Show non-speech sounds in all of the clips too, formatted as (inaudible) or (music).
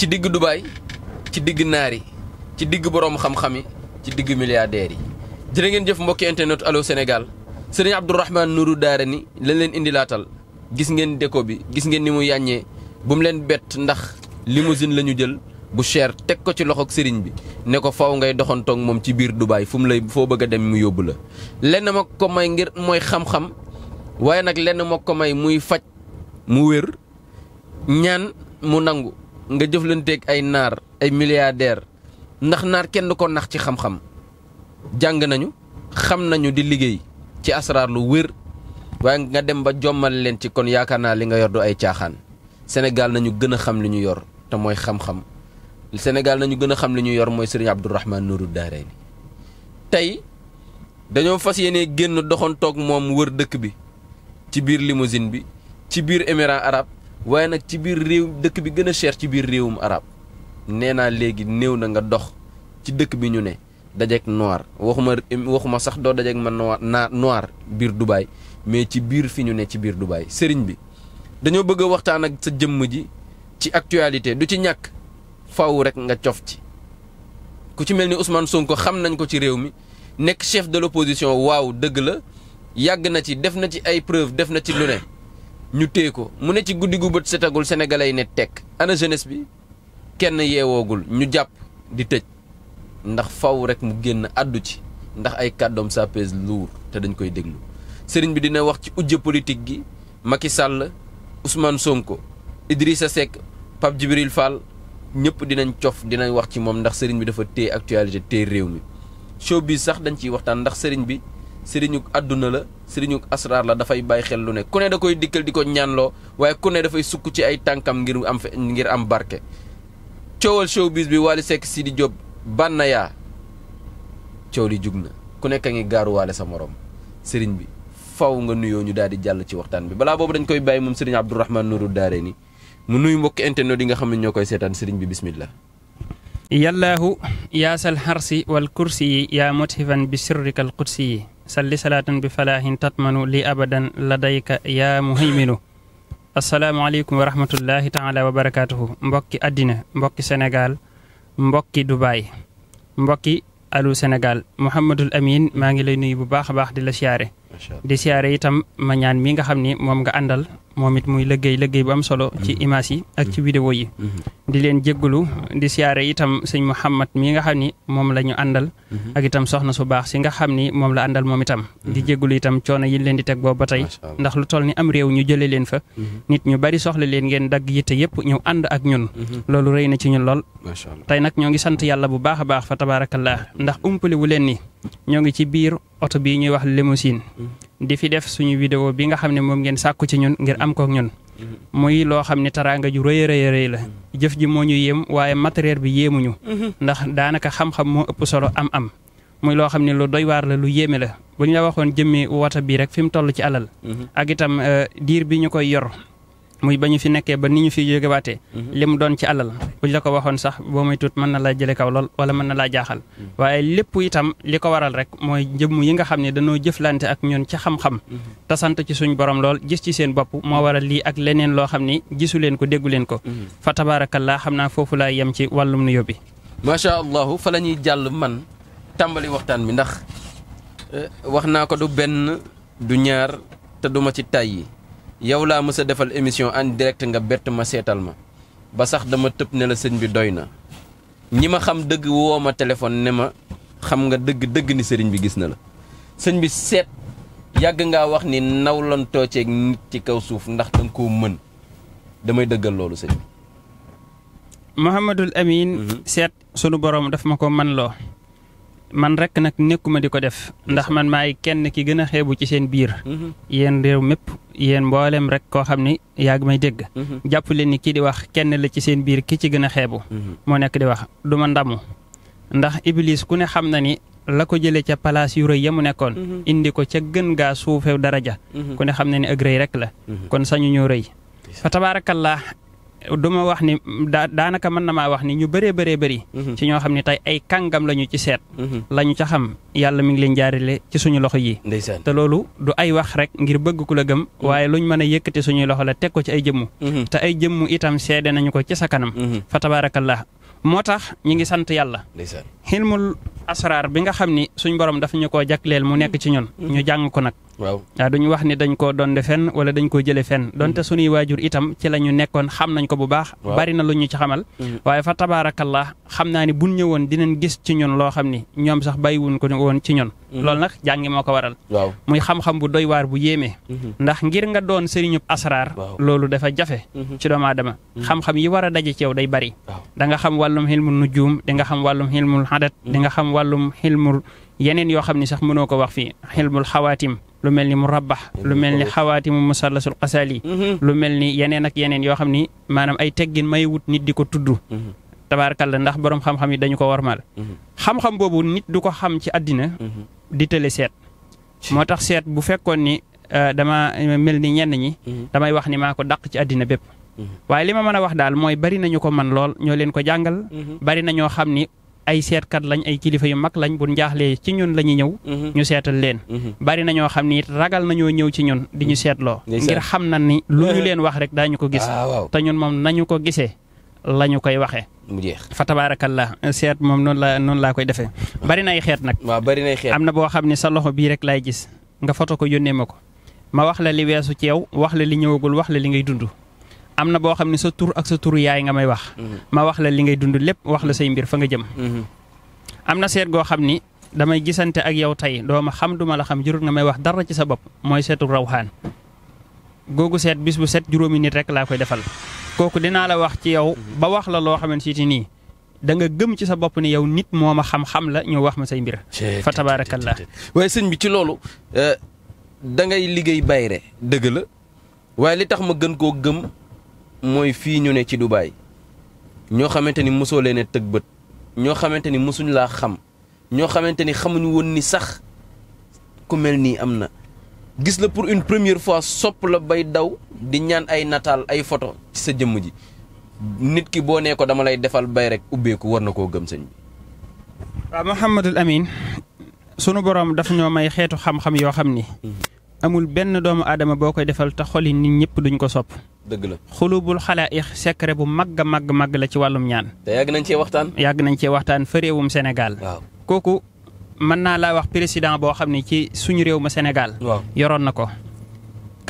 ci digg Dubaay ci digg naar yi ci digg boroom xam-xam yi ci digg milliardaires yi jërë ngeen jëf mbokki internet Allô Sénégal sëriñ Abdourahmane Nourou ni lañ leen indilaatal gis ngeen déco bi gis ngeen ni mu yàññee bu mu leen bett ndax limousine la ñu jël bu cher teg ko ci loxoog sëriñ bi ne ko faw ngay doxantoog moom ci biir Dubaay fu mu lay foo bëgg a dem mu yóbbu la lenn ma ko may ngir mooy xam-xam waaye nag lenn ma ko may muy faj mu wér ñaan mu nangu nga jëflanteeg ay naar ay milliardaire ndax naar kenn ko nax ci xam-xam jàng nañu xam nañu di liggéey ci asraar lu wér waaye nga dem ba jommal leen ci kon yaakaar naa li nga yor du ay caaxaan Sénégal nañu gën xam li ñu yor te mooy xam-xam Sénégal nañu gën a xam li ñu yor mooy sëriñ Abdourahmane Nourou Daarayni tey dañoo fas yéene génn doxantoog moom wër dëkk bi ci biir limousine bi ci biir émirat arab waaye nag ci biir réew dëkk bi gën a cher ci biir réewum arab nee naa léegi néew na nga dox ci dëkk bi ñu ne dajeek noir waxuma waxuma sax doo dajeek ma noir naa noir biir Dubaay mais ci biir fi ñu ne ci biir Dubaay sëriñ bi dañoo bëgg a waxtaan ak sa jëmm ji ci actualité du ci ñàkk faw rek nga cof ci ku ci mel ni Ousmane Sonko xam nañ ko ci réew mi nekk chef de l'opposition waaw dëgg la yàgg na ci def na ci ay preuve def na ci lu ne ñu téye ko mu ne ci guddi gu bët setagul sénégalais yi ne tekk ana jeunesse bi kenn yeewoogul ñu jàpp di tëj ndax faw rek mu génn àddu ci ndax ay kàddoom ça pèse te dañ koy déglu sëriñ bi dina wax ci ujje politique gi Macky sàll Ousmane Sonko Idrissa Seck Pape Djibril Fall ñëpp dinañ cof dinañ wax ci moom ndax sëriñ bi dafa téye actualité téye réew mi showbiz sax dañu ciy waxtaan ndax sëriñ bi sëriñu àdduna la sëriñu asraar la dafay bàyyi xel lu ne ku ne da koy dikkal di ko ñaanloo waaye ku ne dafay sukk ci ay tànkam ngir am ngir am barke. coowal showbiz bi sekk Wally di Sidi Diop Banaya coow li jug na ku nekk a ngi gaaruwaale sa moroom sëriñ bi faw nga nuyoo ñu daal di jàll ci waxtaan bi balaa boobu dañ koy bàyyi moom sëriñ Abdourahmane Nourou ni mu nuyu mbokki internet yi xam ne ñoo koy seetaan sëriñ bi bismillah. yallaahu yaasal xarsi wal kursi yi bi sirrika al qudsi salli salaatan bi falaahin tatmanu li abadan ladayka yaa muhayminu asalaamaaleykum wa rahmatullahi taala mbokki addina mbokki Sénégal mbokki Dubaay mbokki alu senegal Mouhamadul Amin maa ngi lay nuyu bu baax a baax di la siyaare di siyaare itam ma ñaan mii nga xam ni moom nga àndal moom it muy liggéey liggéey bu am solo mm-hmm. ci image yi ak ci mm-hmm. vidéo yi mm-hmm. di leen jéggulu di siyaare itam sëñ Mouhamad mii nga xam ni moom la ñu àndal ak itam soxna su baax si nga xam ni moom la àndal moom itam di jéggulu itam coono yi leen di teg boobu ba tey ndax lu toll ni am réew ñu jële leen fa nit ñu bari soxla leen ngeen dagg yitte yëpp ñëw ànd ak ñun loolu rëy na ci ñun lool tey nag ñoo ngi yàlla bu baax a baax fa ndax umpale leen ni ñoo ngi ci biir oto bii ñuy wax limousine. Mm-hmm. di fi def suñu vidéo bi nga xam ne moom ngeen sàkku ci ñun ngir am ko ñun. Mm-hmm. muy loo xam ne taraanga ju rëy rëy rëy la. Mm-hmm. jëf ji moo ñu yéem waaye matériel bi yéemuñu. ndax daanaka xam-xam moo ëpp solo am-am. muy loo xam ne lu doy waar la lu yéeme la bu ñu la waxoon jëmmi woto bii rek fi mu toll ci alal. ak itam euh, diir bi ñu koy yor. muy ba ñu fi nekkee ba ni ñu fi jógewaatee mhm. li mu doon ci alal buñ la ko waxoon sax boo muy tuut mën na laa jële kaw lool wala mën na laa jaaxal mhm. waaye lépp itam li ko waral rek mooy jëmm yi nga xam ne dañoo jëflante ak ñun ci xam-xam mhm. te ci suñ borom lool gis ci seen bopp moo waral lii ak leneen loo xam ni gisu leen ko déggu leen ko fa tabaarakallaa xam naa foofu laa yem ci wàllum nuyoo bi macha allah fa la ñuy jàll man tàmbali waxtaan bi ndax eh, wax naa ko du benn du ñaar te duma ci tàyyi yow laa mës defal émission en direct nga bett ma seetal ma ba sax dama tëb ne la sëñ bi doy na ñi ma xam dëgg woo ma téléphone ne ma xam nga dëgg dëgg ni sëriñ bi gis na la sëñ bi seet yàgg ngaa wax ni naw lan tooceeg nit ci kaw suuf ndax danga koo mën damay dëggal loolu sëñ bi Mouhamadul mhm. sunu borom daf ma ko man loo man rek nag nekkuma di ko def ndax man maay kenn ki gën a xeebu ci seen biir. Mm-hmm. yéen réew mépp yéen mboolem rek koo xam ni yaa ngi may dégg. Mm-hmm. jàpp leen ni kii di wax kenn la ci seen biir ki ci gën a xeebu. Mm-hmm. moo nekk di wax du ma ndamu ndax Iblis ku ne xam na ni la ko jëlee ca palaas yu rëy ya mu nekkoon. indi ko ca gën gaa suufew daraja. ku ne xam na ni ak rëy rek la. kon sañu ñoo rëy du ma wax ni daa daanaka mën na maa wax ni ñu bëree bëree bëri. Mhm. ci ñoo xam ne tey ay kàngam la ñu ci seet. Mhm. la ñu ca xam yàlla mi ngi leen jaarale ci suñu loxo yi. ndeysaan te loolu du ay wax rek ngir bëgg ku la gëm. Mhm. waaye luñ mën a yëkkati suñuy loxo la teg ko ci ay jëmm. te ay jëmm itam seede nañu ko ci sa kanam. fa tabaarakallah moo tax ñu ngi sant yàlla. xilmul asraar bi nga xam ni suñ borom dafa ñu ko jagleel mu nekk ci ñun. ñu jàng ko nag. waaw ah, duñu wax ni dañ ko doon fenn wala dañ koo jëlee fenn donte mm. suñuy waajur itam ci la ñu nekkoon xam nañ ko bu baax. bari na lu ñu ci xamal. Mm. waaye fa tabaarakallah xam naa ni buñ ñëwoon dinañ gis ci ñun loo xam ni ñoom sax bàyyiwuñ ko woon ci ñun. Mm-hmm. loolu nag jàngi moo ko waral. muy xam-xam bu doy waar bu yéeme. Mm-hmm. ndax ngir nga doon sëriñub asraar. loolu dafa jafe. Mm-hmm. ci doomu aadama. xam-xam yi war a daje ci day bari. da nga xam wàllum xilmu nujuum di nga xam wàllum xilmul xadat di xam wàllum xilmul yeneen yoo xam ne sax mënoo ko wax fii xilmul xawaatim lu mel ni murabbax lu mel ni xawaatimu musallasul xasaali mhm. lu mel ni yeneen ak yeneen yoo xam ni maanaam ay teggin may wut nit di ko tudd mhm. la ndax boroom xam-xam yi dañu ko warmal mhm. xam-xam boobu nit du ko xam ci àddina di tële seet moo tax seet bu fekkoon ni euh, dama mel ni ñenn ñi damay wax ni maa ko daq ci àddina bépp waaye li ma mën a wax daal mooy bari nañu ko man lool ñoo leen ko jàngal ñoo xam ni ay seetkat lañ ay kilifa yu mag lañ bu njaaxlee ci ñun la ñuy ñëw mhm. ñu seetal leen mhm. bari na ñoo xam ni it ragal nañoo ñëw ci ñun di ñu mhm. seetloo ngir xam na ni lu ñu eh. leen wax rek daañu ko gis ah, te ñun moom nañu ko gisee lañu koy waxee mu jeex fa tabaarakallah seet moom noonu la noonu laa koy defee bari na xeet nag waaw bari na am na boo xam ne sa loxo bii rek laay gis nga foto ko yónnee ma ko ma wax la li weesu ci wax la li ñëwagul wax la li ngay dund am na boo xam ne sa tur ak sa turu yaay nga may wax. Mhm. ma wax la li ngay dund lépp wax la say mbir fa nga jëm. Mhm. am na seet goo xam ni damay gisante ak yow tey doo ma xam duma la xam jurut nga may wax dara ci sa bopp mooy seetu rawxaan googu seet bis bu set juróomi nit rek laa koy defal kooku dinaa la wax ci yow mhm. ba wax la loo xamante ne nii da nga gëm ci sa bopp ne yow nit moo ma xam-xam la ñëw wax ma say mbir. fa tabaarakallaa waaye sëñ bi ci loolu euh, da ngay liggéey bayre dëgg la waaye li mooy fii ñu ne ci Dubaay ñoo xamante ni mosoo leen a bët ñoo xamante ni mosuñ laa xam ñoo xamante ni xamuñu woon ni sax ku mel nii am na gis la pour une première fois sopp la bay daw di ñaan ay nataal ay photo ci sa jëmm ji nit ki boo nee ko dama lay defal bay rek ubbeeku war na koo gëm sëñ bi. waaw Mouhamadul Amine sunu xeetu xam yoo xam ni. Mm-hmm. amul benn doomu aadama boo koy defal te xoli nit ñëpp duñ ko sopp. dëgg la xulubul xalaaiq secret bu màgg a màgg màgg la ci wàllum ñaan. te yàgg nañ cee waxtaan. yàgg nañu cee waxtaan fa réewum Sénégal. waaw kooku mën naa laa wax président boo xam ne ci suñu réew ma Sénégal. yoroon na ko.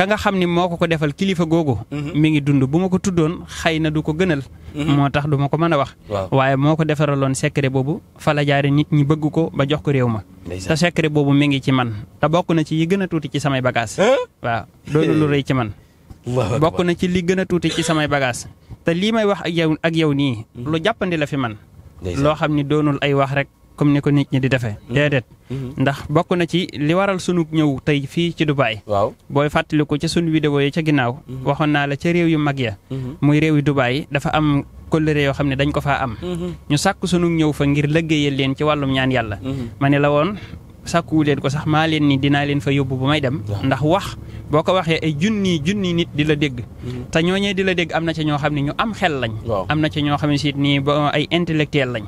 ka nga xam ni moo ko ko defal kilifa googu. Mhm. mi ngi dund bu ma ko tuddoon xay na du ko gënal. Mhm. moo tax du ma ko mën a wax. waaye moo ko defaraloon secret boobu fa la jaare nit ñi bëgg ko ba jox ko réew ma. sa secret boobu mi ngi ci man te bokk na ci yi gën a tuuti ci samay bagages. waaw loolu lu rëy ci man. bokk na ci li gën a tuuti ci samay bagaas te lii may wax ak yow ak yow nii. Mhm. lu jàppandi la fi man. loo xam ni doonul ay wax rek. comme ni ko nit ñi di defee. Mm-hmm. déedéet mm-hmm. ndax bokk na ci li waral sunu ñëw tey fii ci Dubai. waaw booy fàttaliku ca sunu vidéo yi ca ginnaaw. Mm-hmm. waxoon naa la ca réew yu mag ya. muy réew yu Dubai dafa am kóllëre yoo xam ne dañ ko faa am. ñu sàkk sunu ñëw fa ngir lëggéeyal leen ci wàllum ñaan yàlla. ma ne la woon sàkkuwu leen ko sax maa leen nii dinaa leen fa yóbbu bu may dem. ndax wax boo ko waxee ay junni junni nit di la dégg. te ñooñee di la dégg am na ca ñoo xam ne ñu am xel lañ. am na ca ñoo xam ne nii ba ay intellectuel lañ.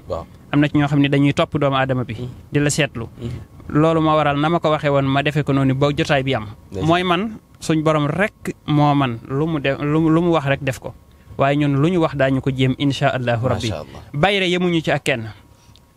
am na ci ñoo xam ne dañuy topp doomu aadama bi mm. di la seetlu mm. loolu moo waral na ma ko waxee woon ma defee ko noonu ba jotaay bi am mooy man suñ borom rek moo man lu mu def lu mu wax rek def ko waaye ñun lu ñu wax daañu ko jéem insha allahu rabbi bayre yemuñu ci ak kenn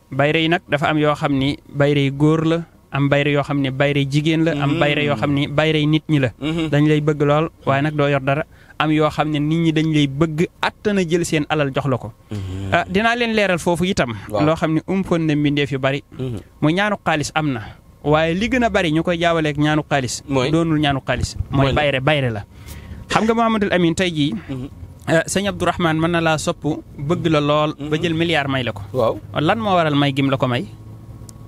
bayre yi nag dafa am yoo xam ni bayre yi góor la am bayre yoo xam ne bayre jigéen la am mm. bayre yoo xam ne bayre nit ñi la mm-hmm. dañ lay bëgg lool waaye nag doo yor dara am yoo xam ne nit ñi dañ lay bëgg attana jël seen alal jox la ko. Mhm. Ah, dinaa leen leeral foofu itam. loo xam ne umpoon na mbindeef yu bari. mu mhm. ñaanu xaalis am na. waaye li gën a bari ñu koy jaawaleeg ñaanu xaalis. doonul ñaanu xaalis. mooy bayre bayre la. xam nga Mouhamadul Amine tey jii. Mhm. Ah, sëñ Abdourahman mën na laa sopp bëgg la lool. ba jël milliard may la ko. waaw lan moo waral may gim la ko may.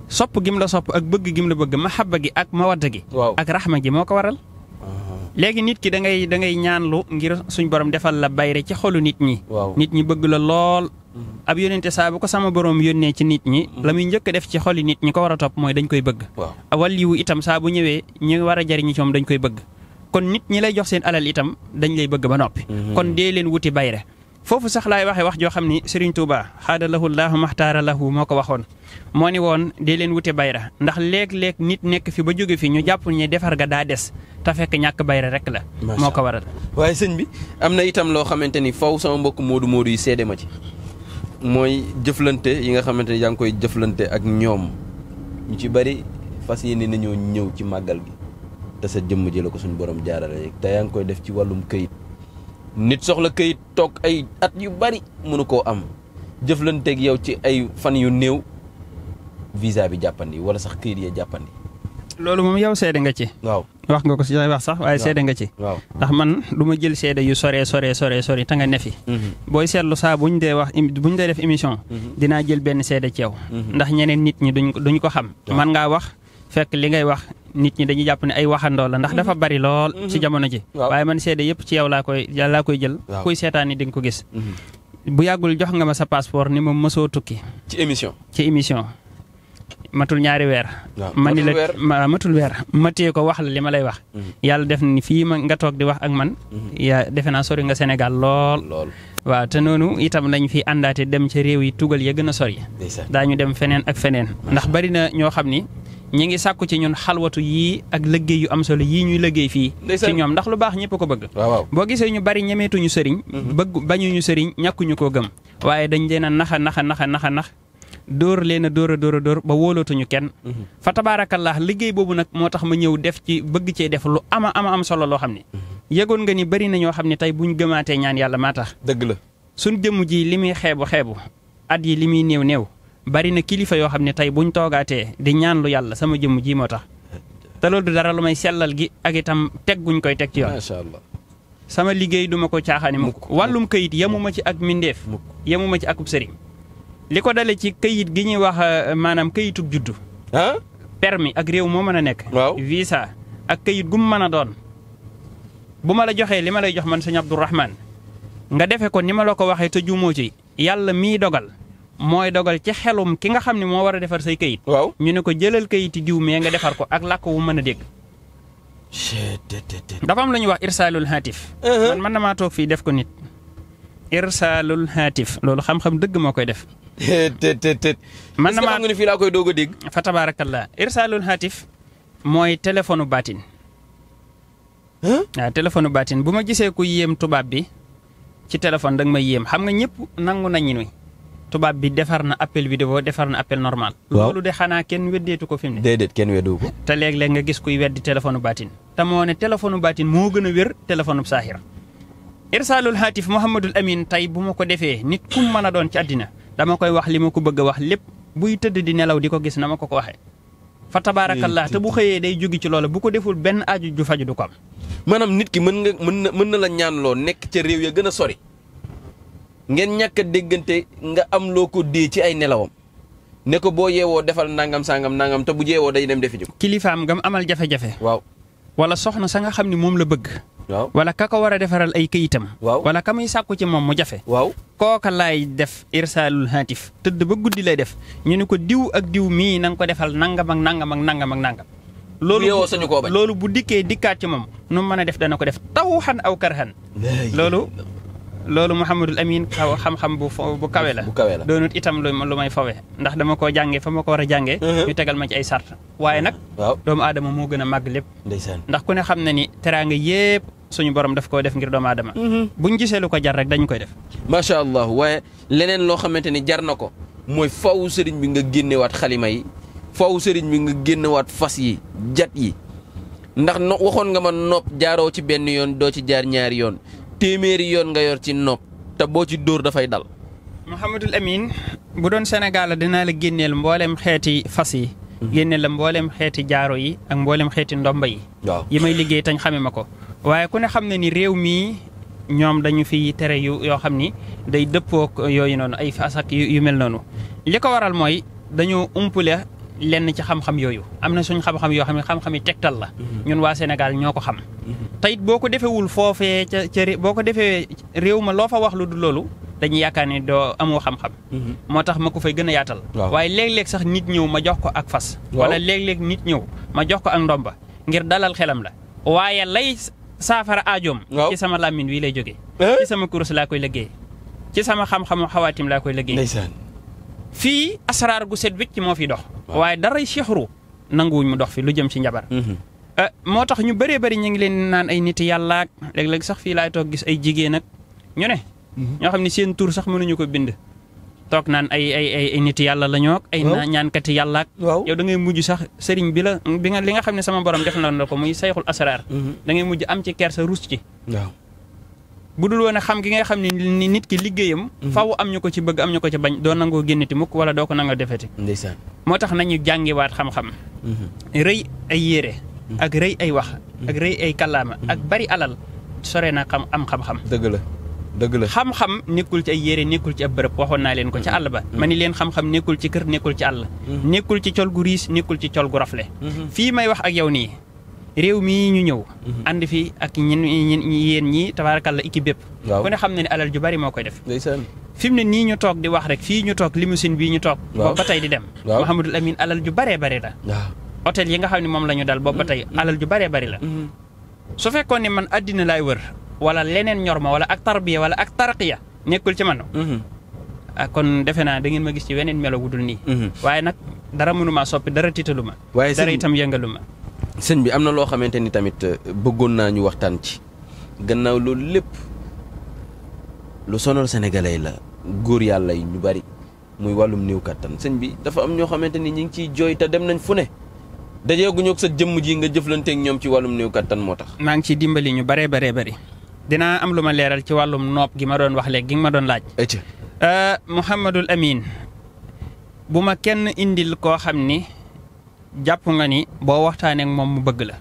sopp gim la sopp ak bëgg gim la bëgg mahabba gi ak mawadda gi. ak rahma gi moo ko waral. léegi nit ki da ngay da ngay ñaanlu ngir suñ borom defal la bayre ci xolu nit ñi. nit ñi bëgg la lool. Mm-hmm. ab yónnente saa bu ko sama borom yónnee ci nit ñi. Mm-hmm. la muy njëkk def ci xoli nit ñi ko war a topp mooy dañu koy bëgg. waliyu itam saa bu ñëwee ñu war a jariñ ci moom dañ koy bëgg. kon nit ñi lay jox seen alal itam dañu lay bëgg ba noppi. Mm-hmm. kon dee leen wuti bayre foofu sax laay waxee wax joo xam ni Serigne Touba xaada lahu laahu maxtaara lahu moo ko waxoon moo ni woon dee leen wute bay bayra ndax léeg-léeg nit nekk fi ba jóge fi ñu jàpp ñuy defar ga daa des te fekk ñàkk bayra rek la. moo ko waral. waaye sëñ bi am na itam loo xamante ni faw sama mbokk moodu moodu yi seede ma ci mooy jëflante yi nga xamante ni yaa ngi koy jëflante ak ñoom ñu ci bari fas yéene nañoo ñëw ci màggal gi te sa jëmm ji la ko suñu borom jaarale te yaa ngi koy def ci wàllum këyit. nit soxla këyit toog ay at yu bari mënu koo am jëflanteeg yow ci ay fan yu néew visa bi jàppandi wala sax këyit yee jàppandi. loolu moom yow seede nga ci. waaw wax nga ko si wax sax waaye seede nga ci. waaw ndax man du ma jël seede yu sore sore sore sore te nga ne fi. Mhm. booy seetlu saa bu ñu dee wax bu ñu dee def émission. Mhm. dinaa jël benn seede ci yow. Mhm. ndax ñeneen nit ñi duñ ko duñ ko xam. man ngaa wax. fekk li ngay wax nit ñi dañu jàpp ne ay waxandoo la ndax dafa mhm. bari lool mhm. ci jamono ji waaye man seede yëpp ci yow laa koy laa koy jël kuy seetaan yi nga ko gis mhm. bu yàggul jox nga ma sa passeport ni ma mësoo tukki ci émission ci émission matul ñaari weer ma ni la matul weer ma téye ko wax la li ma lay wax yàlla def ni fii ma nga toog di wax ak man yaa defe naa sori nga Sénégal lool waaw te noonu itam lañ fi àndaate dem ca réew yi tugal ya gën a sori daañu dem feneen ak feneen ndax bari ñi ngi sàkku ci ñun xalwatu yii ak liggéey yu am solo yii ñuy liggéey fii ci ñoom ndax lu baax ñëpp ko bëgg boo gisee ñu bari ñemeetuñu sëriñ mhm. bëgg bañuñu sëriñ ñàkkuñu ko gëm waaye dañ leen a naxa naxa nax naxa nax dóor leen a dóor a dóor a dóor ba wóolootuñu kenn mhm. fa tabaarakallah liggéey boobu nag moo tax ma ñëw def ci bëgg cee def lu ama ama am solo loo xam ne mhm. yëgoon nga ni bari na ñoo xam ne tey buñ gëmaatee ñaan yàlla maa tax dëgg la suñ jëmm ji li muy xeebu xeebu at yi li muy néew néew bari na kilifa yoo xam ne tey buñ toogaatee di ñaan lu yàlla sama jëmm ji moo tax te loolu du dara lu may sellal gi ak itam teg koy teg ci yoon. sama liggéey duma ko caaxaani mukk wàllum kayit yemuma ci ak mindeef yemuma ci akub sëriñ li ko dale ci kayit gi ñuy wax euh, maanaam kayitub juddu. ah. ak réew moo mën a nekk. waaw visa ak kayit gum mën a doon. bu ma la joxee li ma lay jox man sëñ Abdourahman nga defe ko ni ma la ko waxee te juumoo ci yàlla mii dogal. mooy dogal ci xelum ki nga xam ne moo war a defar say kayit. waaw ñu ne ko jëlal kayiti diw mee nga defar ko ak làkk wu mën a dégg. dafa am lu ñuy wax irsaalul haatif. Uh-huh. man na damaa toog fii def ko nit. irsaalul haatif loolu xam-xam dëgg moo koy def. man na nga ni fii laa koy doog a dégg. fa laa irsaalul haatif mooy téléphone baatin. waaw téléphone baatin bu ma gisee ku yéem tubaab bi ci téléphone danga ma yéem xam nga ñëpp nangu nañu ni tubaab bi defar na appel vidéo defar na appel normal. waaw loolu de xanaa kenn weddeetu ko fi mu ne. déedéet kenn weddu ko. te léeg-léeg nga gis kuy weddi téléphone baatin. te moo ne téléphone baatin moo gën a wér téléphone saaxir. irsaalul haatif Mouhamadul Amin tey bu ma ko defee nit ku man a doon ci àddina dama koy wax li ma ko bëgg a wax lépp buy tëdd di nelaw di ko gis na ma ko ko waxee. fa tabaarakallah te bu xëyee day jóge ci loola bu ko deful benn aaju ju faju du ko am. maanaam nit ki mën nga mën na mën na la ñaanloo nekk ca réew ya gën a sori. ngeen ñàkk a déggante nga am loo ko dee ci ay nelawam ne ko boo yeewoo defal nangam sangam nangam te bu jeewoo day dem defi ji kilifaam ngam amal jafe-jafe. waaw wala soxna sa nga xam ne moom la bëgg. waaw wala ka ko war a defaral ay këyitam. waaw wala ka muy sàkku ci moom mu jafe. waaw kooka laay def irsaalul haatif tëdd ba guddi lay def ñu ne ko diw ak diw mii na nga ko defal nangam ak nangam ak nangam ak nangam. loolu bu loolu bu dikkee dikkaat ci moom nu mën a def dana ko def tawxan aw karxan loolu Mouhamadul Amin kaw xam-xam bu bu kawe la doonut itam lu lu may fawe ndax dama koo jàngee fa ma ko war a jànge uh-huh. ñu tegal ma ci ay sart waaye nag doomu aadama moo gën a màgg lépp ndax ku ne xam na ni teraanga yépp suñu borom daf koo def ngir doomu aadama uh-huh. bu gisee lu ko jar rek dañ koy def macha allah waaye leneen loo xamante ni jar na ko mooy faw sëriñ bi nga génnewaat xalima yi faw sëriñ bi nga génnewaat fas yi jat yi ndax no waxoon nga ma nopp jaaroo ci benn yoon doo ci jaar ñaari yoon téeméeri yoon nga yor ci nopp te boo ci dóor dafay dal. Mouhamadul Amine bu doon Sénégal dinaa la génneel mboolem xeeti fas yi. Mhm. génneel la mboolem xeeti jaaro yi ak mboolem xeeti ndomba yi. yi may liggéey tañ xame ma ko. waaye ku ne xam ne ni réew mii ñoom dañu fi tere yu yoo xam ni day dëppook yooyu noonu ay fas yu mel noonu li ko waral mooy dañu umpule lenn ci xam-xam yooyu am na suñ xam-xam yoo xam ne xam-xami tegtal la mhm. ñun waa Sénégal ñoo ko xam mhm. te boo ko defewul foofee ca ca boo ko defee réew ma loo fa wax lu du loolu dañuy yaakaar ne doo amoo xam-xam mhm. moo tax ma ko fay gën a yaatal léeg-léeg sax nit ñëw ma jox ko ak fas wala léeg-léeg nit ñëw ma jox ko ak ndomba ngir dalal xelam la waaye lay saafara aajoom ci sama làmmin wii lay jóge eh? ci sama kurus laa koy liggéey ci sama xam-xamu xawaatim laa koy liggéey fii asraar gu set wécc moo fi dox. waaye daray sixru nanguwuñ mu dox fi lu jëm ci njabar. Mhm. Eh, moo tax ñu bëree bëri ñu ngi leen naan ay nit yàlla ak léeg-léeg sax fii laay toog gis ay jigéen ak ñu ne. Mhm. ñoo xam ne seen tur sax mënuñu ko bind. toog naan ay ay ay nit yàlla la ay ñaankati yàlla ak. yow ngay mujj sax sëriñ bi la bi nga li nga xam ne sama borom def na ko muy sayxul asraar. Mhm. da ngay mujj am ci kersa ruus ci. bu dul woon xam gi ngay xam ni nit ki liggéeyam. Mhm. faaw am ñu ko ci bëgg am ñu ko ci bañ doo nangoo génneti mukk wala doo ko nangoo defeti ndeysaan moo tax nañu jàngiwaat xam-xam. Mhm. rëy ay yére. Mhm. ak rëy ay wax. ak rëy ay kàllaama. ak bari alal sore nag xam am xam-xam. dëgg la. dëgg la xam-xam nekkul ci ay yére nekkul ci ab bërëb waxoon naa leen ko ca àll ba ma ni leen xam-xam nekkul ci kër nekkul ci àll nekkul ci col gu riis nekkul ci col gu rafle fii may wax ak yow nii réew mii ñu ñëw. Mhm. ànd fi ak ñun yéen ñii tabaarakalla équipe bépp. waaw ku ne xam na ne alal ju bari moo koy def. ndeysaan fi mu ne nii ñu toog di wax rek fii ñu toog limousine bii ñu toog. waaw tey di dem. waaw Mouhamadul Amin alal ju baree bari la. waaw hôtel yi xam ne moom la ñu dal boobu ba tey mhm. alal ju baree bari la. Mhm. su fekkoon ne man addina laay wër wala leneen ñor ma wala ak tarbiya wala ak tarqiya nekkul ci man. ah kon defe naa da ngeen ma gis ci weneen melo wudul nii. waaye na dara mënuma soppi dara tiitalu ma. waaye dara itam yëngalu ma. sëñ bi am na loo xamante ni tamit euh, bëggoon naa ñu waxtaan ci gannaaw loolu lépp lu sonal sénégalais la góor yàlla yi ñu bari muy wàllum néew kàttan sëñ bi dafa am ñoo xamante ni ñi ngi ciy jooy te dem nañ fu ne dajeeguñu ak sa jëmm ji nga jëflanteeg ñoom ci wàllum néew kàttan moo tax. maa ngi ciy dimbali ñu baree bare bari dinaa am lu ma leeral ci wàllum nopp gi ma doon wax léegi gi nga ma doon laaj. Euh, Mouhamadul Amin bu ma kenn indil koo xam ni. jàpp nga ni boo waxtaanee ak moom mu bëgg la.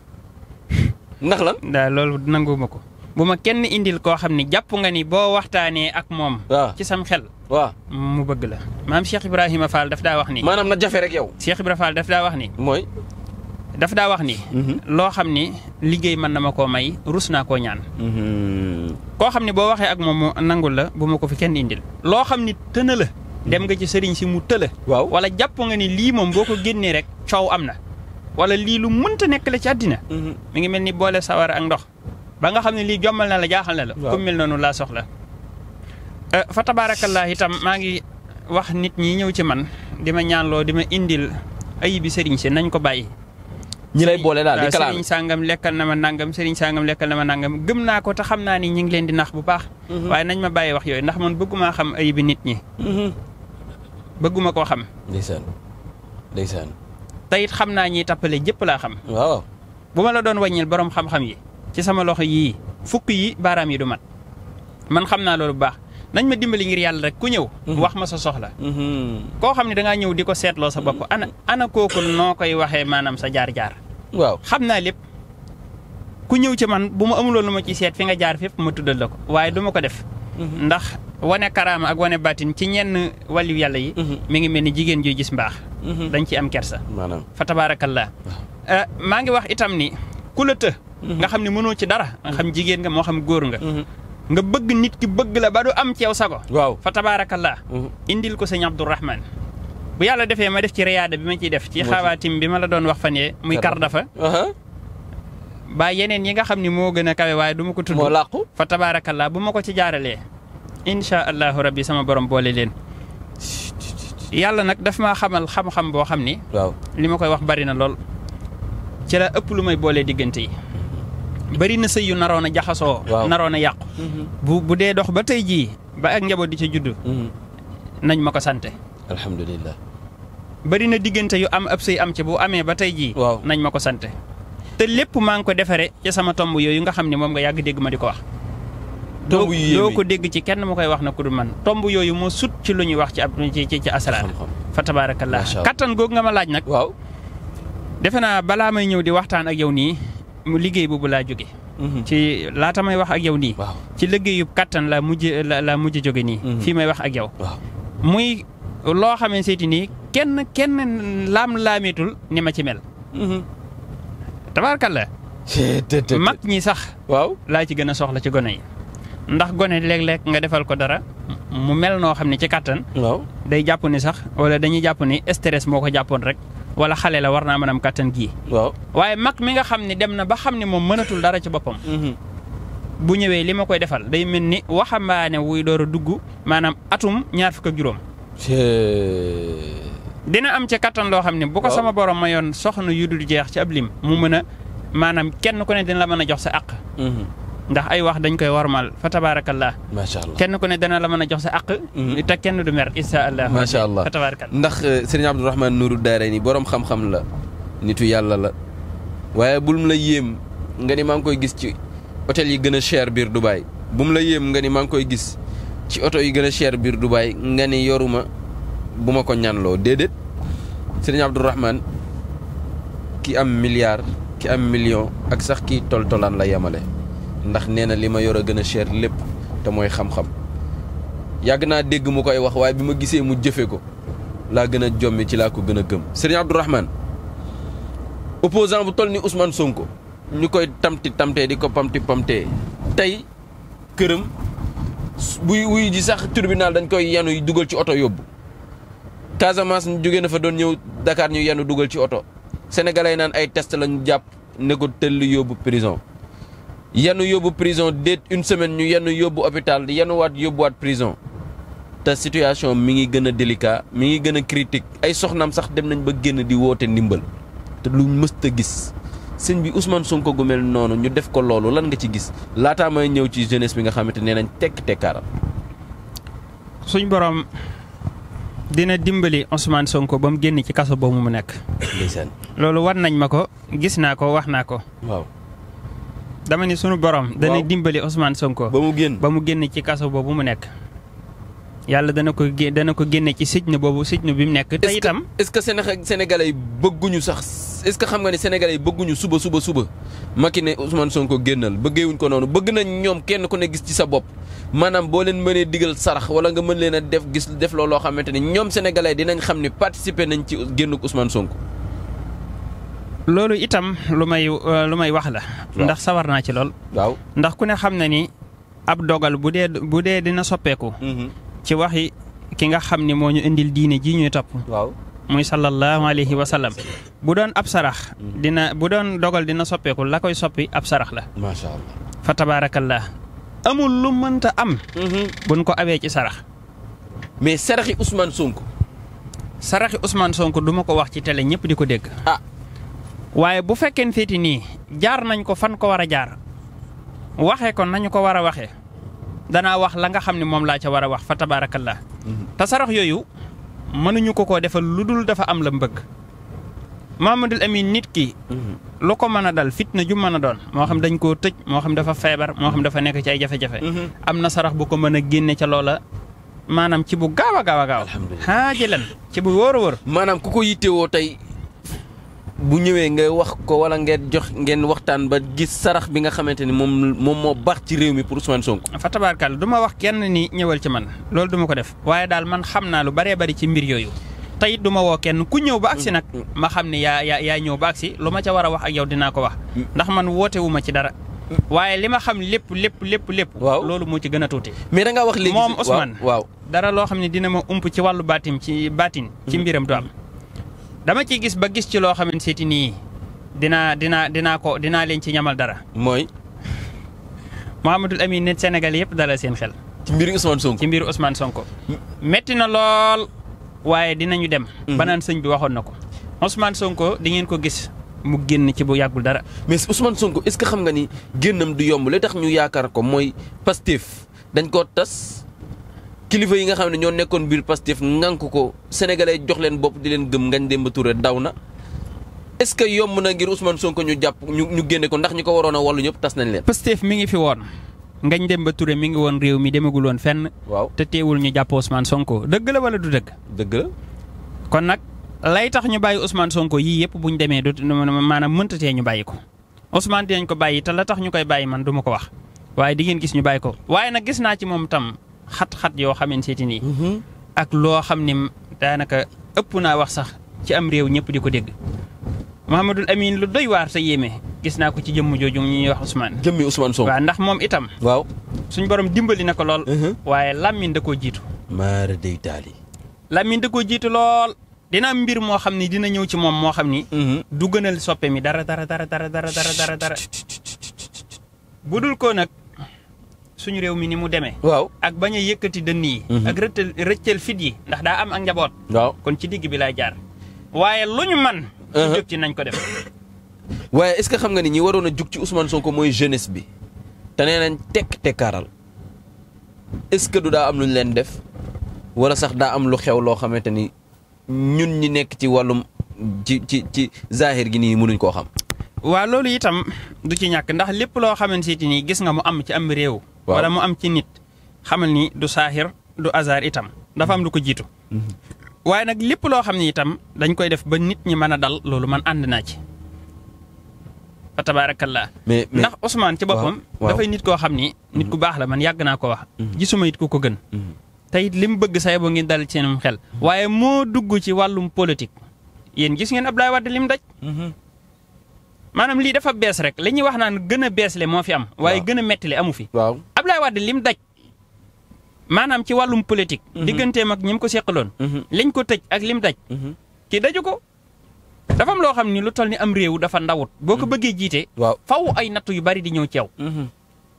ndax lan. daal loolu nanguma ko. bu ma kenn indil koo xam ne jàpp nga ni boo waxtaanee ak moom. ci sam xel. waaw mu bëgg la. maam Cheikh Ibrahima Fall daf daa wax ni. maanaam na jafe rek yow. Cheikh Ibrahima Fall daf daa wax ni. mooy. daf daa wax ni. Mhm. loo xam ni liggéey mën na ma koo may rus naa koo ñaan. Mhm. koo xam ne boo waxee ak moom mu nangul la bu ma ko fi kenn indil. loo xam ni tëna la. dem nga ci sëriñ si mu tëla waaw wala jàpp nga ni lii moom boo ko génnee rek coow am na wala lii lu mënta nekk la ci àddina mhm. mi ngi mel ni boole sawara ak ndox ba nga xam ne lii jommal na la jaaxal na la ku mel noonu laa soxla eh, fa tabaarakallah itam maa ngi wax nit ñi ñëw ci man di ma loo di ma indil ayi bi sëriñ si nañ ko bàyyi ñi lay boole daal di sëriñ sàngam lekkal na ma nangam sëriñ sàngam lekkal na ma nangam gëm naa ko te xam naa ni ñu ngi leen di nax bu baax mhm. waaye nañ ma bàyyi wax yooyu ndax man bëgguma xam ayi bi nit ñi mhm. bëgguma koo xam. ndeysaan ndeysaan. te xam naa ñiy tappale jépp laa xam. waaw bu ma la doon wàññil boroom xam-xam yi. ci sama loxo yii fukk yi baaraam yi du mat man xam naa loolu bu baax nañ ma dimbali ngir yàlla rek ku ñëw. Mhm. wax ma sa soxla. Mhm. koo xam ne dangaa ñëw di ko seetloo sa bopp ana ana kooku noo koy waxee maanam sa jaar-jaar. waaw xam naa lépp ku ñëw ci man bu ma amuloon lu ma ci seet fi nga jaar fépp ma tuddal la ko waaye du ko def. ndax wane karaama ak wane baatin ci ñenn wàllu yàlla yi. Mhm. mi ngi mel ni jigéen juy gis mbaax. Mhm. dañ ciy am kersa. maanaam fa tabaarakallaa euh, maa ngi wax itam ni kulata mhm. nga xam ne mënoo ci dara. nga xam jigéen nga moo xam góor nga. nga bëgg nit ki bëgg la ba du am ceew sago. waaw fa tabaarakallaa indil ko sa Abdourahman bu yàlla defee ma def ci riyaada bi ma ciy def. ci xawaatim bi ma la doon wax fa yee muy kar dafa ba yeneen yi nga xam ni moo gën a kawe waaye du ma ko tudd. moo làqu fa tabaarakallaa bu ma ko ci jaaralee. incha allahu rabbi sama borom boole leen. yàlla nag daf ma xamal xam-xam boo xam ni. waaw li ma koy wax bari na lool. ci ëpp lu may boolee diggante yi. bari na sëy yu naroon a jaxasoo. waaw naroon a yàqu. Mhm. bu bu dee dox ba tey jii ba ak njaboot di ca juddu. Mhm. nañ ma ko sante alhamdulilah. bari na diggante yu am ab sëy am ci bu amee ba tey jii. waaw nañ ma ko sante te lépp maa ngi ko defaree ca sama tomb yooyu nga xam ne moom nga yàgg dégg ma di ko wax. tomb doo ko dégg ci kenn mu koy wax na ku dul man tomb yooyu moo sut ci lu ñuy wax ci ab ci ci asraar fa tabaarakallah kattan googu nga ma laaj nag. waaw defe naa balaa may ñëw di waxtaan ak yow nii mu liggéey boobu laa jóge mhm. ci laata may wax ak yow nii. ci liggéeyub kattan laa mujj la laa mujj jóge nii. Mhm. fii may wax ak yow. muy loo xamee seeti nii kenn kenn laam laameetul ni ma ci mel. Mhm. tabaarkalla mag ñi sax. waaw laa ci gën a soxla ci gone yi. ndax gone léeg lekk nga defal ko dara mu mel noo xam ne ci kàttan. waaw day jàpp ni sax wala dañuy jàpp ni stress moo ko jàppoon rek. wala xale la war naa mën am kàttan gii. waaw waaye mag mi nga xam ne dem na ba xam ne moom mënatul dara ci boppam. Mm-hmm. bu ñëwee li ma koy defal day mel ni waxambaane wuy door a dugg maanaam atum ñaar fukk ak juróom. dina am ca kattan loo xam ne bu ko sama borom mayoon soxna yu dul jeex ci ab lim mu mën a maanaam kenn ku ne dina la mën a jox sa àq mhm. ndax ay wax dañ koy warmal fa tabaarakallah macha allah kenn ku ne dana la mën a jox sa àq mhm. te kenn du mer insha allah macha allah fa tabaarakallah ndax eh, sëriñ Abdourahmane Nourou Daarayni borom xam-xam la nitu yàlla la waaye bul mu la yéem nga ni maa ngi koy gis ci hôtel yi gën a cher biir Dubaay bu mu la yéem nga ni maa ngi koy gis ci oto yi gën a cher biir Dubaay nga ni yoruma bu ma ko ñaanloo déedéet sëriñ Abdourahman ki am milliard ki am million ak sax kii toltolaan la yemale ndax nee na li ma yor a gën a cher lépp te mooy xam-xam yàgg naa dégg mu koy wax waaye bi ma gisee mu jëfe ko laa gën a jommi ci laa ko gën a gëm sëriñ Abdourahman opposant bu toll ni Ousmane Sonko ñu koy tamti tamtee di ko pamti pamtee tey këram buy wuy ji sax tribunal dañ koy yenu dugal ci oto yóbbu Casamance ñu jóge na fa doon ñëw Dakar ñu yenn dugal ci oto sénégalais yi naan ay test lañu jàpp ne ko tëll yóbbu prison yenn yóbbu prison déet une semaine ñu yenn yóbbu hôpital yenn waat yóbbuwaat prison te situation mi ngi gën a délicat mi ngi gën a critique ay soxnaam sax dem nañ ba génn di woote ndimbal te luñ mësta gis sëñ bi Ousmane Sonko gu mel noonu ñu def ko loolu lan nga ci gis laataa may ñëw ci jeunesse bi nga xamante nee nañ tekk tekkaaral suñ dina dimbali Ousmane Sonko ba mu génn ci kaso boobu mu nekk. loolu war nañ ma ko gis naa ko wax naa ko. waaw. dama ne sunu borom. dana dimbali Ousmane Sonko. ba mu génn ba mu génn ci kaso boobu mu nekk. yàlla dana ko gé dana ko génne ci sijnu boobu sijnu bi mu nekk. tey itam est-ce que sénégalais yi bëgguñu sax. est-ce que xam nga ne sénégalais yi bëgguñu suba suba suba ki ne Ousmane Sonko génnal bëggeewuñ ko noonu bëgg nañ ñoom kenn ku ne gis ci sa bopp maanaam boo leen mënee digal sarax wala nga mën leen a def gis def loolu loo xamante ni ñoom sénégalais dinañ xam ne participer nañ ci génnuk Ousmane sonk loolu itam lu may lu may wax la. ndax sawar naa ci lool. waaw ndax ku ne xam na ni ab dogal bu dee bu dee dina soppeeku. Mhm. ci wax yi ki nga xam ni moo ñu indil diine ji ñuy topp. waaw muy sallallahu alayhi wa sallam bu doon ab sarax mm. dina bu doon dogal dina soppeeku la koy soppi ab sarax la macha allah fa tabaarakallah amul lu mënta am mm-hmm. buñ ko awee ci sarax mais saraxi Ousmane Sonko saraxi Ousmane Sonko du ma ko wax ci télé ñëpp di ko dégg ah waaye bu fekkee féeti nii jaar nañ ko fan ko war a jaar waxee ko nañu ko war a waxee danaa wax la nga xam ne moom laa ca war a wax fa tabaarakallah mm-hmm. te sarax yooyu mënuñu ko koo defal lu dul dafa am la mbëgg Mamadou Amine nit ki. lu ko mën a dal fitna ju mën a doon moo xam dañ koo tëj moo xam dafa feebar moo xam dafa nekk ci ay jafe-jafe. Mhm. am na sarax bu ko mën a génne ca loola maanaam ci bu gaaw a gaaw a gaaw. ci bu wóor wóor. maanaam ku ko yittewoo tey bu ñëwee nga wax ko wala ngeen jox ngeen waxtaan ba gis sarax bi nga xamante ni moom moom moo baax ci réew mi pour Ousmane sonk fa tabaarkàlla du wax kenn ni ñëwal ci man loolu du ko def waaye daal man xam naa lu baree bari ci mbir yooyu. tey duma woo kenn ku ñëw ba si nag ma xam ni yaa yaa yaa ñëw ba si lu ma ca war a wax ak yow dinaa ko wax ndax man woote ci dara waaye li ma xam lépp lépp lépp lépp waaw loolu moo ci gën a tuuti mais da nga wax léegi moom Ousmane waaw dara loo xam ne ma ump ci wàllu baatim ci baatin ci mm-hmm. mbiram du dama ci gis ba gis ci loo xamante ni nii dina dina dinaa ko dinaa leen ci ñamal dara. mooy. Mouhamadul Amine ne Sénégal yëpp dalal seen xel. ci mbiru Ousmane Sonko ci mbiru Ousmane Sonko. metti na lool waaye dinañu dem. Mhm. ba naan sëñ bi waxoon na ko. Ousmane Sonko di ngeen ko gis. mu génn ci bu yàggul dara. mais Ousmane Sonko est-ce que xam nga ni génnam du yomb li tax ñu yaakaar ko mooy Pastef dañ koo tas. kilifa yi nga xam ne ñoo nekkoon biir Pastef ŋànk ko sénégalais jox leen bopp di leen gëm Ngagne Demba daw na est-ce que yomb na ngir Ousmane Sonko ñu jàpp ñu ñu génne ko ndax ñu ko waroon a wàllu ñëpp tas nañ leen. Pastef mi ngi fi woon Ngagne Demba Touré mi ngi woon réew mi demagul woon fenn. waaw te teewul ñu jàpp Ousmane sonkoo dëgg la wala du dëgg. dëgg la. kon nag lay tax ñu bàyyi Ousmane Sonko yii yëpp bu ñu demee du maanaam mëntatee ñu bàyyi ko Ousmane dinañ ko bàyyi te la tax ñu koy bàyyi man du ma ko wax waaye di ngeen gis ñu bàyyi ko xat-xat yoo xamante ni. Mm-hmm. ak loo xam ni daanaka ëpp naa wax sax ci am réew ñëpp di ko dégg. Mouhamadul amin lu doy waar sa yéeme gis naa ko ci jëmm jooju ñuy wax Ousmane. jëmmi Ousmane Sow waaw ndax moom itam. waaw suñ borom dimbali na ko lool. Mm-hmm. waaye làmmin da koo jiitu. maara day taali. Lamine da koo jiitu lool. dina am mbir moo xam ni dina ñëw ci moom moo xam ni. Mm-hmm. du gënal soppe mi dara dara dara dara dara dara dara. ko nag. suñu réew mi ni mu demee. waaw ak bañ a yëkkati dënn yi. Mhm. ak rëccal rëccal fit yi ndax daa am ak njaboot. waaw kon ci digg bi laay jaar. waaye lu ñu man mhm. jóg ci nañ ko def. waaye est-ce que xam nga ni ñi waroon a jug ci Ousmane Sonko mooy jeunesse bi te nee nañ tekk tekkaaral est-ce que du daa am lu leen def wala sax daa am lu xew loo xamante ni ñun ñi nekk ci wàllum ci ci ci zahir gi nii mënuñ koo xam. waa loolu itam du ci ñàkk ndax lépp loo xamante ni gis nga mu am ci am réew. wala mu am ci nit xamal ni du saaxir du hasard itam dafa am lu ko jiitu mm-hmm. waaye nag lépp loo xam ne itam dañ koy def ba nit ñi mën a dal loolu man ànd naa ci fa tabaarakallaa ndax Ousmane ci boppam dafay nit koo xam ni mm-hmm. nit ku baax la man yàgg naa ko wax mm-hmm. gisuma it ku ko gën te it li mu bëgg say bo ngeen dal ci seenum xel waaye moo dugg ci wàllum politique yéen gis ngeen Abdoulaye Wade lim daj maanaam lii dafa bees rek li ñuy wax naan gën a bees le moo fi am waaye gën a metti le amu fi waaw Abdoulaye Wade lim daj maanaam ci wàllum politique. Mhm. digganteem ak ñi ko seqaloon. Mhm. liñ ko tëj ak lim daj. Mhm. kii daju ko. dafa loo xam ni lu toll ni am réew dafa ndawut. boo ko bëggee jiite. waaw faw ay natt yu bari di ñëw ceew.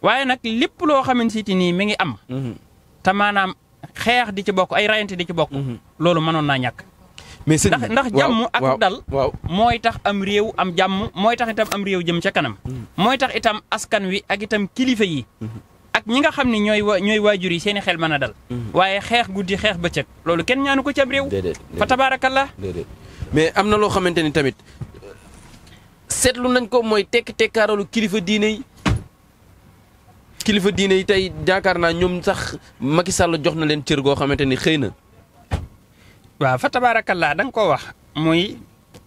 waaye nag lépp loo xamante ni mi ngi am. te maanaam xeex di ci bokk ay rayante di ci bokk. loolu mënoon naa ñàkk. mais ndax ndax jàmm ak dal. mooy tax am réew am jàmm mooy tax itam am réew jëm ca kanam. mooy tax itam askan wi ak itam kilifa yi. ñi nga xam ni ñooy wa ñooy waajur yi seeni xel mën a dal mhm. waaye xeex guddi xeex bëccëg loolu kenn ñaanu ko cab réew fa tabaarakallah mais am na loo xamante ni tamit seetlu nañ ko mooy tekk tekkaaralu kilifa diine yi kilifa diine yi tey jaakaar naa ñoom sax Macky Sall jox na leen cër goo xamante ni xëy na waaw fa tabaarakallah da ko wax mooy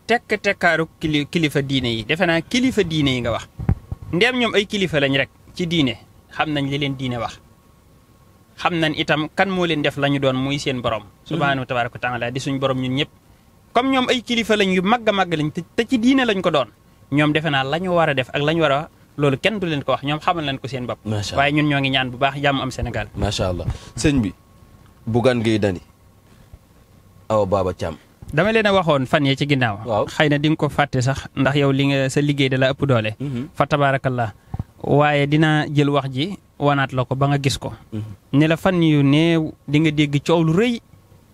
tekk tekkaaru kilifa diine yi defe naa kilifa diine yi nga wax ndeem ñoom ay kilifa lañu rekk ci diine xam nañ li leen diine wax xam nañ itam kan moo leen def la ñu doon muy seen borom. Mhm. subhaanahu tabaaraka wa taala di suñ borom ñun ñëpp. comme ñoom ay kilifa lañ yu màgg a màgg lañ te ci diine lañ ko doon ñoom defe naa la ñu war a def ak lañu ñu war a loolu kenn du leen ko wax ñoom xamal leen ko seen bopp. waaye ñun ñoo ngi ñaan bu baax jàmm am Sénégal. macha allah sëñ bi. bu Bougane Gueye Dany awa Baba Thiam. dama leen a waxoon fan yee ci ginnaaw. waaw xëy na di nga ko fàtte sax ndax yow li nga sa liggéey da la ëpp doole. Mhm. fa tabarakallah waaye dina jël wax ji wanaat la ko ba nga gis ko. Mhm. ne la fan yu néew di nga dégg coow lu rëy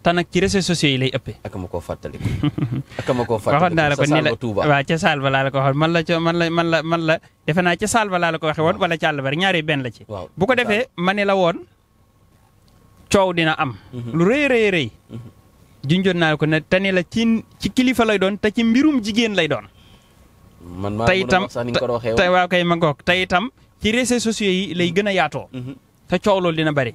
te nag ci réseaux sociaux yi lay ëppee. ak ma koo fàttaliku. (laughs) ak waxoon naa la ko ni la waaw ca saal ba laa la ko waxoon man la ca man la man la man la defe naa saal ba laa ko waxee woon wala ca àll ba ñaari benn la ci. bu ko defee ma ne la woon coow dina am. Mhm. lu rëy rëy rëy. Mhm. junjoon naa ko ne te la ci ci kilifa lay doon te ci mbirum jigéen lay doon. man maa ngi ko sax ni nga ko waxee tey waaw kay ma ngoog tey itam ci réseaux sociaux yi lay gën a yaatoo. Mm-hmm. te coow loolu dina bari.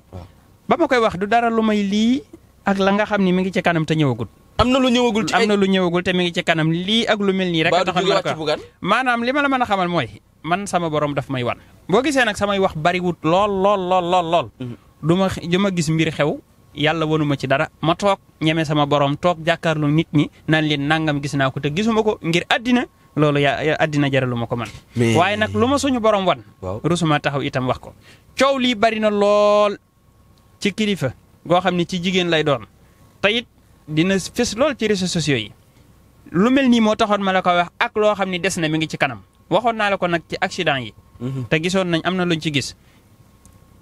ba ma koy wax du dara lu may lii ak la nga xam ni mi ngi ci kanam te ñëwagul. am na lu ñëwagul am na lu ñëwagul te mi ngi ci kanam lii ak lu mel nii rek. a na ko maanaam li ma la mën a xamal mooy man sama borom dafa may wan. boo gisee nag samay wax bariwut lool lool lool lool mm-hmm. du ma du ma gis mbir xew. yàlla wanu ma ci dara ma toog ñeme sama boroom toog jàkkaarloo nit ñi naan leen nangam gis naa ko te gisuma ko ngir àddina loolu yaa addina jaralu ma ko man waaye nag lu ma suñu borom wan rusuma taxaw itam wax ko coow lii bari na lool ci kilifa goo xam ne ci jigéen lay doon te it dina fës lool ci réseaux sociaux yi lu mel nii moo taxoon ma la ko wax ak loo xam ni des na mi ngi ci kanam waxoon naa la ko nag ci accident yi mhm. te gisoon nañ am na luñ ci gis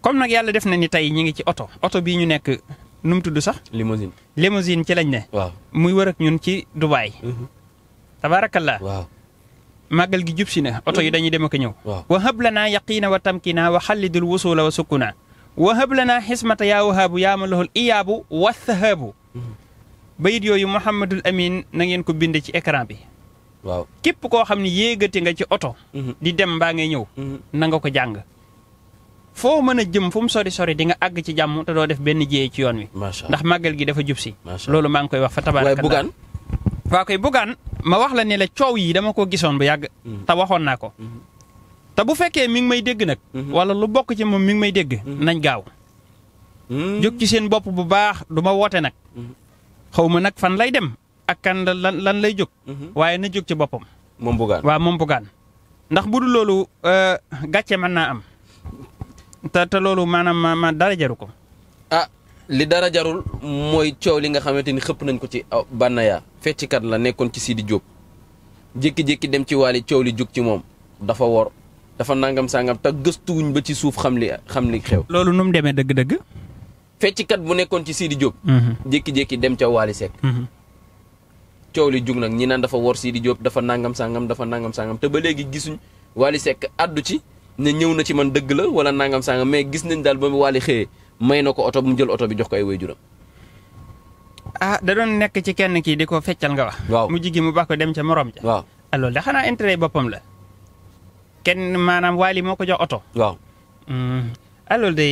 comme nag yàlla def na ni tey ñi ngi ci oto oto bii ñu nekk nu mu tudd sax limousine limousine ci lañ ne muy wër ak ñun ci Dubaay mhm. tabarakallah màggal gi jub si na oto yi dañuy dem ak ñëw wa hab lanaa yaqiina wa tamkina wa xallidul wusula wa sukkuna wa hab lanaa xismata yaa wahaabu yaa ma lahul iyaabu wa thahaabu bayit yooyu Mouhamadul Amin na ngeen ko bind ci écran bi waaw képp koo xam ne yéegati nga ci oto mhm. di dem mbaa ngay ñëw mhm. na nga ko jàng foo mën a jëm fu mu sori sori di nga àgg ci jàmm te doo def benn jéey ci yoon wi ndax màggal gi dafa jub si loolu maa ngi koy wax fa tabaaraka waa koy bugaan ma wax la ne la coow yi dama ko gisoon bu yàgg. Mhm. te waxoon naa ko. Mhm. te bu fekkee mi ngi may dégg nag. Mhm. wala lu bokk ci moom mi ngi may dégg. nañ gaaw. jóg ci seen bopp bu baax du ma woote nag. xaw ma nag fan lay dem ak kan lan lan lay jóg. waaye na jóg ci boppam. moom bugaan waaw moom bugaan. ndax bu dul loolu euh, gàcce mën naa am. te te loolu maanaam ma dara jaru ko. Ah, li dara jarul mooy coow li nga xamante ni xëpp nañ ko ci bànnaya feccikat la nekkoon ci Sidi Diop jékki-jékki dem ci waali coow li jug ci moom dafa wor dafa nangam sangam te gëstuwuñ ba ci suuf xam li xam li xew. loolu nu mu demee dëgg-dëgg. feccikat bu nekkoon ci Sidi Diop. Mm-hmm. jékki-jékki dem ca waali Seck. Mm-hmm. coow li jug nag ñi naan dafa wor Sidi Diop dafa nangam sangam dafa nangam sangam te ba léegi gisuñ waali Seck àddu ci ne ñëw na ci man dëgg la wala nangam sangam mais gis nañ daal ba mu waali xëyee may na ko oto mu jël oto bi jox ko ay waajuram ah da doon nekk ci kenn kii di ko feccal nga wax. mu jigi mu baax ko dem ca moroom ja waaw de xanaa intérêt boppam la kenn maanaam waali moo ko jox oto. waaw. Hmm.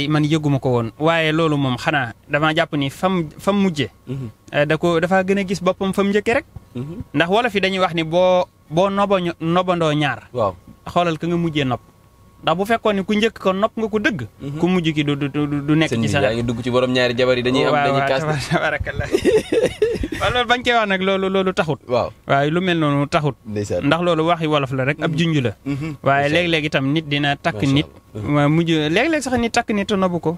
man yëguma ko woon waaye loolu moom xanaa damaa jàpp ni fam fam mujje mhm. eh, da ko dafa gën a gis boppam fam njëkkee rek. Mhm. ndax wolof yi dañuy wax ni boo boo nobo nobandoo ñaar. xoolal ka nga mujjee nopp. ndax bu fekkoon ni ku njëkk ko nopp nga ko dëgg. Mhm. ku mujj ki du du du nekk ci sa. yaa ngi dugg ci borom ñaari jabar yi dañuy am oh, dañuy kaas tabarakallah (laughs) waaw loolu bañ koy wax nag loolu loolu taxut. waaw waaye lu mel noonu taxut. ndax loolu waxi wolof la rek ab mhm. junj la. Mhm. waaye léeg-léeg itam nit dina takk nit. waaw mujj léeg-léeg sax nit takk nit nobbu ko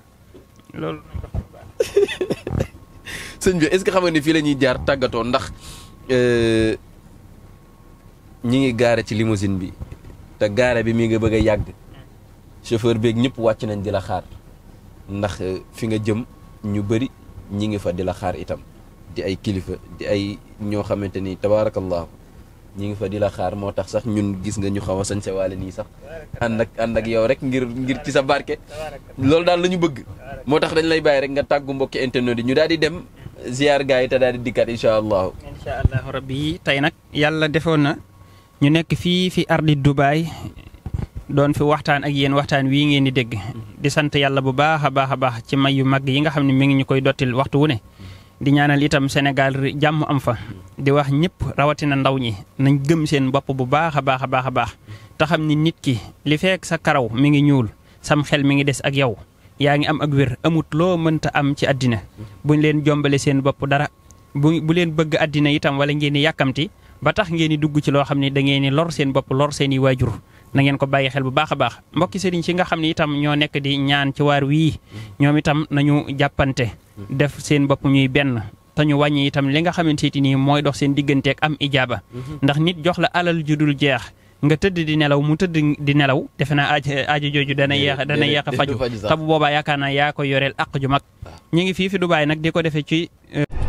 loolu. sëñ bi est-ce que xam nga ni fii la ñuy jaar tàggatoo ndax euh, ñi ngi gaare ci limousine bi te gaare bi mi nga bëgg a yàgg. chauffeur beeg ñëpp wàcc nañ di la xaar ndax euh, fi nga jëm ñu bëri ñu ngi fa di la xaar itam di ay kilifa di ay ñoo xamante ni tabaarakallaahu ñu ngi fa di la xaar moo tax sax ñun gis nga ñu xaw a sañse waale nii sax ànd ak ànd ak yow rek ngir ngir ci sa barke loolu daal la ñu bëgg moo tax dañ lay bàyyi rek nga tàggu mbokki internet yi ñu daal di dem ziar gaa yi te daal di dikkaat incha allahu incha allahu tey nag yàlla defoon na ñu nekk fii fi ardi Dubaay doon fi waxtaan ak yéen waxtaan wii ngeen di dégg mm-hmm. di sant yàlla bu baax a baax a baax ci may yu mag yi nga xam ne mi ngi ñu koy dottil waxtu wu ne mm-hmm. di ñaanal itam Sénégal jàmm am fa mm-hmm. di wax ñëpp rawatina ndaw ñi nañ gëm seen bopp bu baax a baax a baax a baax te xam ni nit ki li fekk sa karaw mi ngi ñuul sam xel mi ngi des ak yow yaa ngi am ak wér amut loo mënta am ci àddina buñ leen jombale seen bopp dara bu bu leen bëgg àddina itam wala ngeen di yàkkamti ba tax ngeen di dugg ci loo xam ne da ngeen di lor seen bopp lor seen waajur na ngeen ko bàyyi xel bu baax a baax mbokki sëriñ si nga xam ne itam ñoo nekk di ñaan ci waar wii ñoom itam nañu jàppante def seen bopp ñuy benn te ñu wàññi itam li nga xamante ni mooy dox seen digganteeg am ijaaba ndax nit jox la alal ju dul jeex nga tëdd di nelaw mu tëdd di nelaw defe na aaj aaju jooju dana yeex dana yeex a faju te bu boobaa yaakaar naan yaa ko yoreel aq ju mag ñi ngi fii fi Dubaay nag di ko defee ci euh,